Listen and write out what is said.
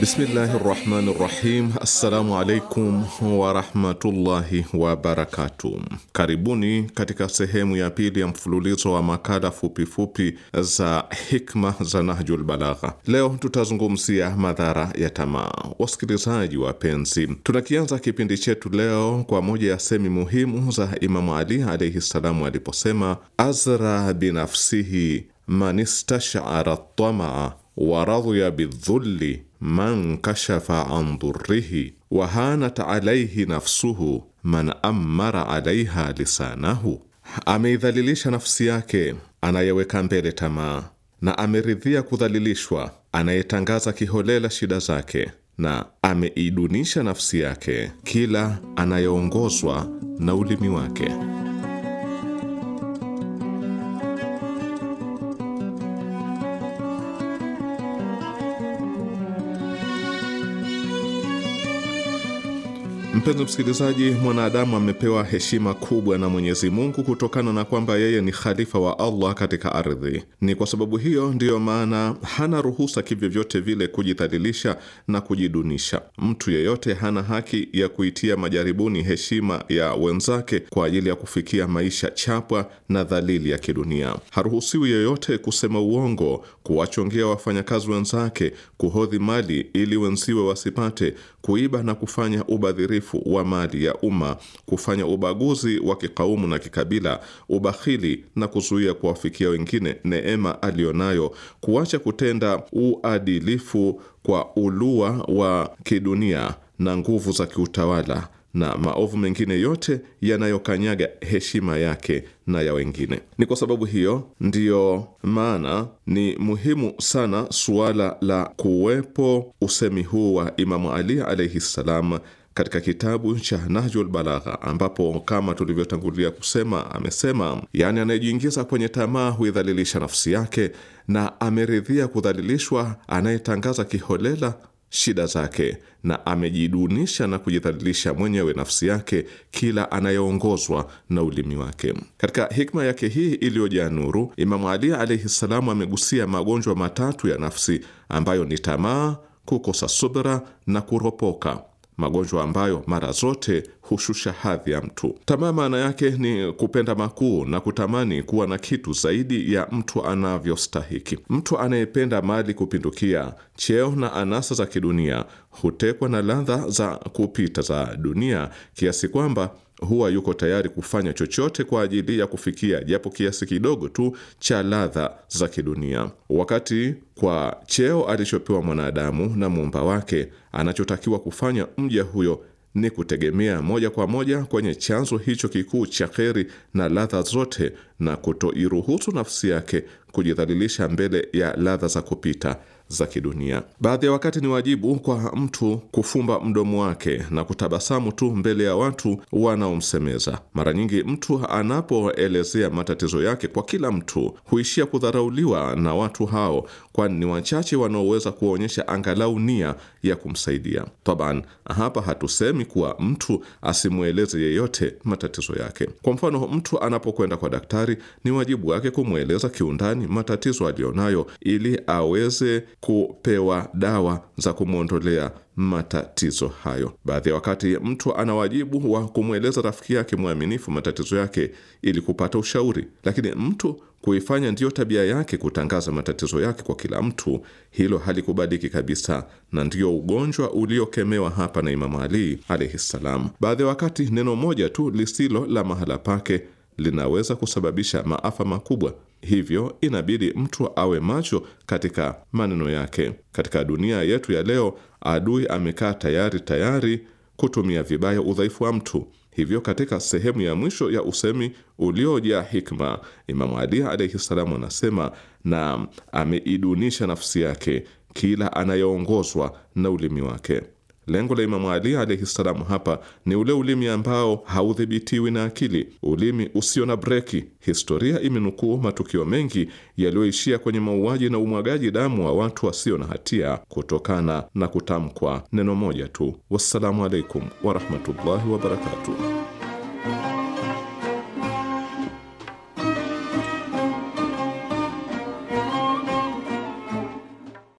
Bismillahi rahmani rahim. Assalamu alaikum warahmatullahi wabarakatuh. Karibuni katika sehemu ya pili ya mfululizo wa makala fupifupi za hikma za Nahjul Balagha. Leo tutazungumzia madhara ya tamaa. Wasikilizaji wapenzi, tunakianza kipindi chetu leo kwa moja ya semi muhimu za Imamu Ali alaihi ssalamu aliposema, azra binafsihi man istashara tamaa wa radhiya bidhulli man kashafa an dhurrihi wa alaihi nafsuhu man ammara alaiha lisanahu, ameidhalilisha nafsi yake anayeweka mbele tamaa, na ameridhia kudhalilishwa anayetangaza kiholela shida zake, na ameidunisha nafsi yake kila anayeongozwa na ulimi wake. Mpenzi msikilizaji, mwanadamu amepewa heshima kubwa na Mwenyezi Mungu kutokana na kwamba yeye ni khalifa wa Allah katika ardhi. Ni kwa sababu hiyo ndiyo maana hana ruhusa kivyovyote vile kujidhalilisha na kujidunisha. Mtu yeyote hana haki ya kuitia majaribuni heshima ya wenzake kwa ajili ya kufikia maisha chapwa na dhalili ya kidunia. Haruhusiwi yeyote kusema uongo, kuwachongea wafanyakazi wenzake, kuhodhi mali ili wenziwe wasipate, kuiba na kufanya ubadhirifu uharibifu wa mali ya umma, kufanya ubaguzi wa kikaumu na kikabila, ubakhili na kuzuia kuwafikia wengine neema aliyonayo, kuacha kutenda uadilifu kwa ulua wa kidunia na nguvu za kiutawala na maovu mengine yote yanayokanyaga heshima yake na ya wengine. Ni kwa sababu hiyo ndiyo maana ni muhimu sana suala la kuwepo usemi huu wa Imamu Ali alaihi ssalam katika kitabu cha Nahjul Balagha, ambapo kama tulivyotangulia kusema amesema, yaani anayejiingiza kwenye tamaa huidhalilisha nafsi yake, na ameridhia kudhalilishwa anayetangaza kiholela shida zake, na amejidunisha na kujidhalilisha mwenyewe nafsi yake kila anayeongozwa na ulimi wake. Katika hikma yake hii iliyojaa nuru, Imamu Ali alaihi ssalamu amegusia magonjwa matatu ya nafsi ambayo ni tamaa, kukosa subra na kuropoka magonjwa ambayo mara zote hushusha hadhi ya mtu. Tamaa maana yake ni kupenda makuu na kutamani kuwa na kitu zaidi ya mtu anavyostahiki. Mtu anayependa mali kupindukia, cheo na anasa za kidunia, hutekwa na ladha za kupita za dunia kiasi kwamba huwa yuko tayari kufanya chochote kwa ajili ya kufikia japo kiasi kidogo tu cha ladha za kidunia, wakati kwa cheo alichopewa mwanadamu na muumba wake, anachotakiwa kufanya mja huyo ni kutegemea moja kwa moja kwenye chanzo hicho kikuu cha kheri na ladha zote, na kutoiruhusu nafsi yake kujidhalilisha mbele ya ladha za kupita za kidunia. Baadhi ya wakati ni wajibu kwa mtu kufumba mdomo wake na kutabasamu tu mbele ya watu wanaomsemeza. Mara nyingi mtu anapoelezea matatizo yake kwa kila mtu huishia kudharauliwa na watu hao, kwani ni wachache wanaoweza kuwaonyesha angalau nia ya kumsaidia. Taban, hapa hatusemi kuwa mtu asimweleze yeyote matatizo yake. Kwa mfano, mtu anapokwenda kwa daktari, ni wajibu wake kumweleza kiundani matatizo aliyonayo ili aweze kupewa dawa za kumwondolea matatizo hayo. Baadhi ya wakati mtu ana wajibu wa kumweleza rafiki yake mwaminifu matatizo yake ili kupata ushauri, lakini mtu kuifanya ndiyo tabia yake kutangaza matatizo yake kwa kila mtu, hilo halikubaliki kabisa, na ndiyo ugonjwa uliokemewa hapa na Imamu Ali alaihi ssalam. Baadhi ya wakati neno moja tu lisilo la mahala pake linaweza kusababisha maafa makubwa. Hivyo inabidi mtu awe macho katika maneno yake. Katika dunia yetu ya leo, adui amekaa tayari tayari kutumia vibaya udhaifu wa mtu. Hivyo katika sehemu ya mwisho ya usemi uliojaa hikma, Imamu Ali alaihi salamu anasema, na ameidunisha nafsi yake kila anayeongozwa na ulimi wake. Lengo la Imamu Ali alaihi salamu hapa ni ule ulimi ambao haudhibitiwi na akili, ulimi usio na breki. Historia imenukuu matukio mengi yaliyoishia kwenye mauaji na umwagaji damu wa watu wasio na hatia kutokana na kutamkwa neno moja tu. Wassalamu alaikum warahmatullahi wabarakatuh.